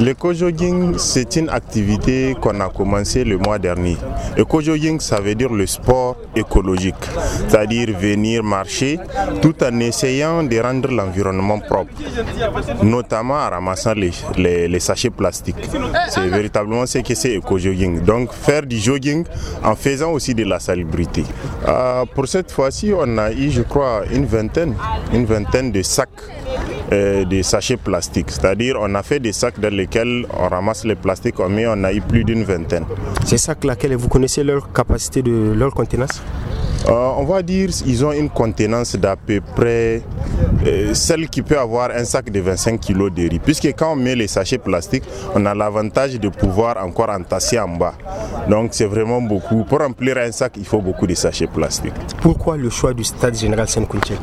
Le jogging c'est une activité qu'on a commencé le mois dernier. Le jogging ça veut dire le sport écologique, c'est-à-dire venir marcher tout en essayant de rendre l'environnement propre, notamment en ramassant les, sachets plastiques. C'est véritablement ce que c'est léco jogging Donc faire du jogging en faisant aussi de la salubrité. Euh, pour cette fois-ci, on a eu, je crois, une vingtaine, une vingtaine de sacs euh, des sachets plastiques. C'est-à-dire on a fait des sacs dans lesquels on ramasse les plastiques, on met, on a eu plus d'une vingtaine. Ces sacs-là, vous connaissez leur capacité de leur contenance euh, on va dire ils ont une contenance d'à peu près euh, celle qui peut avoir un sac de 25 kg de riz. Puisque quand on met les sachets plastiques, on a l'avantage de pouvoir encore entasser en bas. Donc c'est vraiment beaucoup. Pour remplir un sac, il faut beaucoup de sachets plastiques. Pourquoi le choix du stade général Saint-Coutier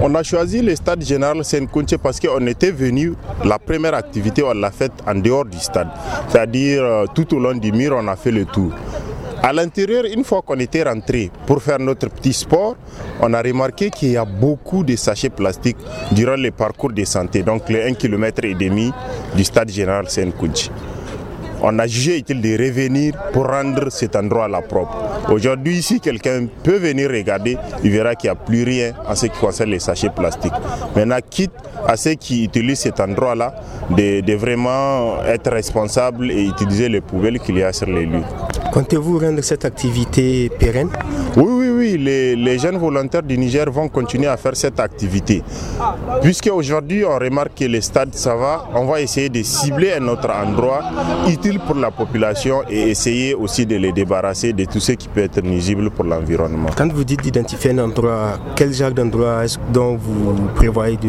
on a choisi le stade général Senkunche parce qu'on était venu, la première activité, on l'a faite en dehors du stade. C'est-à-dire, euh, tout au long du mur, on a fait le tour. À l'intérieur, une fois qu'on était rentré pour faire notre petit sport, on a remarqué qu'il y a beaucoup de sachets plastiques durant les parcours de santé, donc les 1,5 km du stade général Senkunche on a jugé utile de revenir pour rendre cet endroit la propre. Aujourd'hui, si quelqu'un peut venir regarder, il verra qu'il n'y a plus rien en ce qui concerne les sachets plastiques. Maintenant, quitte à ceux qui utilisent cet endroit-là de, de, vraiment être responsables et utiliser les poubelles qu'il y a sur les lieux. Comptez-vous rendre cette activité pérenne Oui, oui, les, jeunes volontaires du Niger vont continuer à faire cette activité. Puisque aujourd'hui, on remarque que les stades, ça va, on va essayer de cibler un autre endroit utile pour la population et essayer aussi de les débarrasser de tout ce qui peut être nuisible pour l'environnement. Quand vous dites d'identifier un endroit, quel genre d'endroit est-ce dont vous prévoyez de...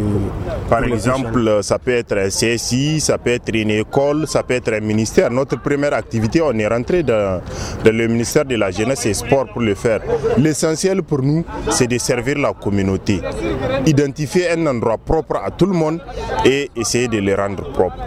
Par exemple, ça peut être un CSI, ça peut être une école, ça peut être un ministère. Notre première activité, on est rentré dans, le ministère de la Jeunesse et Sport pour le faire. L'essentiel pour nous, c'est de servir la communauté, identifier un endroit propre à tout le monde et essayer de le rendre propre.